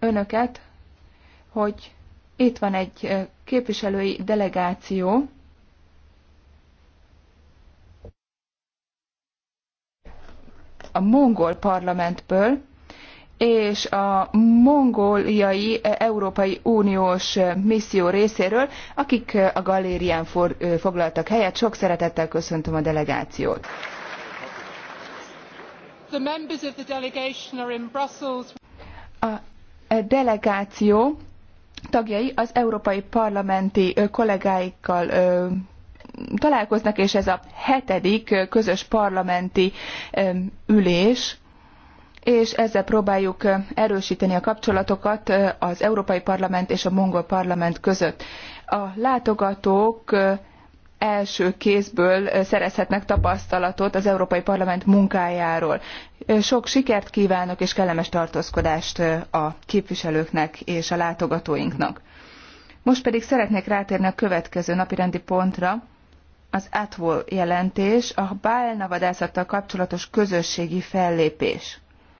önöket, hogy itt van egy képviselői delegáció, a mongol parlamentből, és a mongoliai Európai Uniós misszió részéről, akik a galérián for, foglaltak helyet. Sok szeretettel köszöntöm a delegációt delegáció tagjai az európai parlamenti kollégáikkal találkoznak, és ez a hetedik közös parlamenti ülés, és ezzel próbáljuk erősíteni a kapcsolatokat az Európai Parlament és a Mongol Parlament között. A látogatók első kézből szerezhetnek tapasztalatot az Európai Parlament munkájáról. Sok sikert kívánok és kellemes tartózkodást a képviselőknek és a látogatóinknak. Most pedig szeretnék rátérni a következő napirendi pontra, az ATWOL jelentés, a bálnavadászattal kapcsolatos közösségi fellépés.